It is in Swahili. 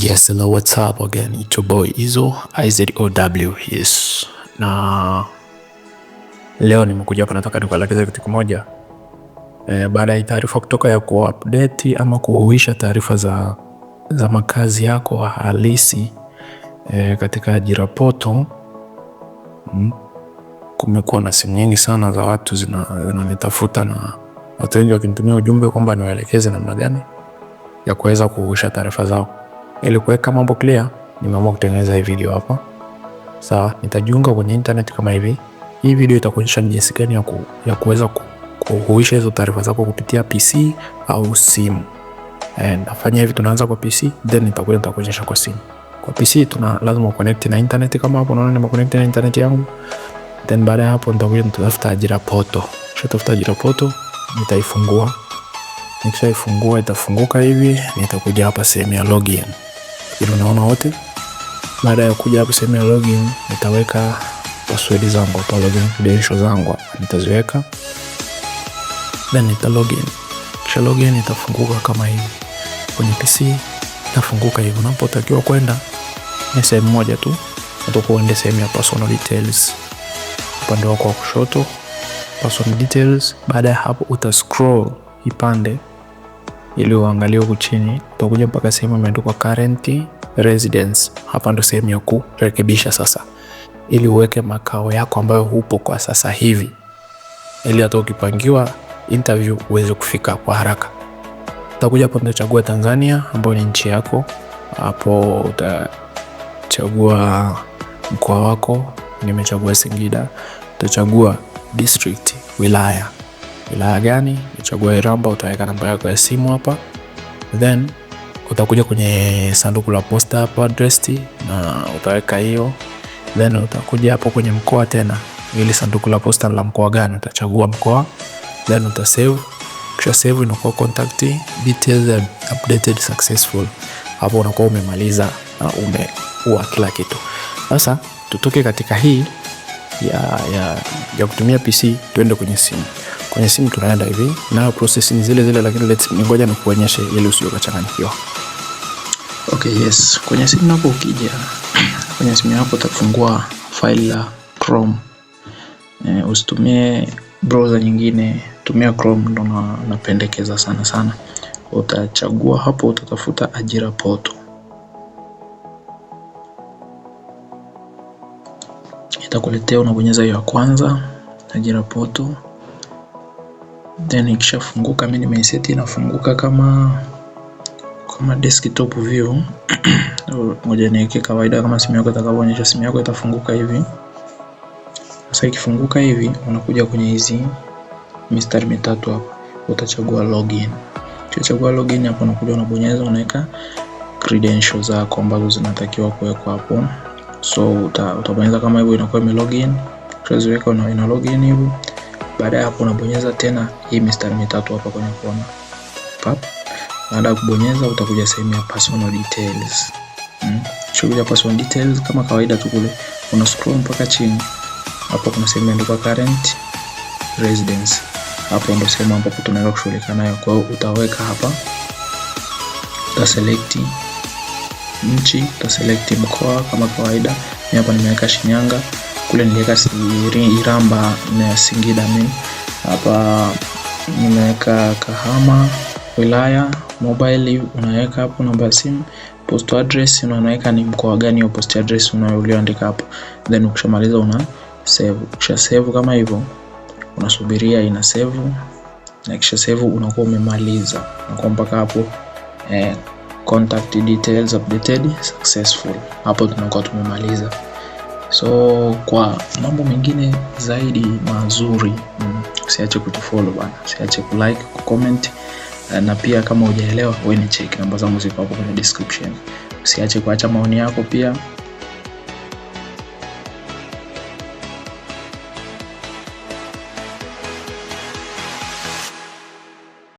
Yes, hello, what's up again? It's your boy Izo IZOW. Yes. Na leo nimekuja hapa nataka nikuelekeze kitu kimoja. E, baada ya taarifa kutoka ya kuupdate ama kuhuisha taarifa za, za makazi yako halisi e, katika ajira poto mm, kumekuwa na simu nyingi sana za watu zinanitafuta zina na watu wengi wakinitumia ujumbe kwamba niwaelekeze namna gani ya kuweza kuhuisha taarifa zao. Ili kuweka mambo clear, nimeamua kutengeneza hii video hapa. Sawa, nitajiunga kwenye internet kama hivi. Hii video itakuonyesha ni jinsi gani ya, ku, ya kuweza kuhuisha hizo taarifa zako kupitia PC au simu. Nafanya hivi, tunaanza kwa PC then nitakuja nitakuonyesha kwa simu. Kwa PC tuna lazima connect na internet kama hapo unaona nime connect na internet yangu. Then baada ya hapo nitakuja nitafuta ajira poto. Nitatafuta ajira poto, nitaifungua. Nikishaifungua itafunguka hivi, nitakuja hapa sehemu ya login ili unaona wote. Baada ya kuja hapo sehemu ya login, nitaweka password zangu au login credentials zangu nitaziweka, then nita login. Kisha login itafunguka kama hivi kwenye PC, itafunguka hivi. Unapotakiwa kwenda ni sehemu moja tu, utakuwa uende sehemu ya personal details upande wako wa kushoto, personal details. Baada ya hapo utascroll ipande ili uangalie huku chini, utakuja mpaka sehemu imeandikwa current residence. Hapa ndo sehemu ya kurekebisha sasa, ili uweke makao yako ambayo hupo kwa sasa hivi, ili hata ukipangiwa interview uweze kufika kwa haraka. Utakuja hapo, utachagua Tanzania ambayo ni nchi yako. Hapo utachagua mkoa wako, nimechagua Singida. Utachagua district, wilaya wilaya gani? Chagua iramba, utaweka namba yako ya simu hapa, then utakuja kwenye sanduku la posta hapa address, na utaweka hiyo, then utakuja hapo kwenye mkoa tena, ili sanduku la posta la mkoa gani, utachagua mkoa, then uta save. Kisha save inakuwa contact details updated successful. Hapo unakuwa umemaliza na umeua kila kitu. Sasa tutoke katika hii ya, ya, ya kutumia PC tuende kwenye simu kwenye simu tunaenda hivi, nayo process ni zile zile, lakini let's ngoja nikuonyeshe ili usije ukachanganyikiwa. Okay, yes. Kwenye simu yako ukija kwenye simu yako utafungua file la Chrome. E, usitumie browser nyingine, tumia Chrome ndo napendekeza sana sana. Utachagua hapo, utatafuta ajira poto, itakuletea unabonyeza hiyo ya kwanza, ajira poto then ikishafunguka mimi nimeiseti inafunguka kama kama desktop view ngoja niweke kawaida kama simu yako itakavyoonyesha. Simu yako itafunguka hivi sasa. Ikifunguka hivi, unakuja kwenye hizi mistari mitatu hapa, utachagua login. Ukichagua login hapo, unakuja unabonyeza, unaweka credentials zako ambazo zinatakiwa kuwekwa hapo. So utabonyeza kama hivyo, inakuwa ime login, utaziweka, ina login hivyo baada ya hapo unabonyeza tena hii mistari mitatu hapa kwenye kona. Pap. Baada ya kubonyeza utakuja sehemu ya personal details. Mm. Shughuli ya personal details kama kawaida tu kule. Una scroll mpaka chini. Hapo kuna sehemu imeandikwa current residence. Hapo ndio sehemu ambapo tunaweza kushughulika nayo. Kwa hiyo utaweka hapa, uta select nchi, uta select mkoa kama kawaida. Mimi hapa nimeweka Shinyanga kule niliweka Iramba na Singida mimi. Hapa nimeweka Kahama wilaya, mobile unaweka hapo namba ya simu, post address unaweka ni mkoa gani au post address unayoandika hapo, then ukishamaliza una save. Ukisha save kama hivyo, unasubiria ina save, na kisha save unakuwa umemaliza, unakuwa mpaka hapo eh, contact details updated successful. Hapo tunakuwa tumemaliza. So kwa mambo mengine zaidi mazuri mm, usiache kutufollow bana, usiache kulike, kucomment eh, na pia kama hujaelewa wewe ni cheki namba zangu ziko hapo kwenye description. Usiache kuacha maoni yako pia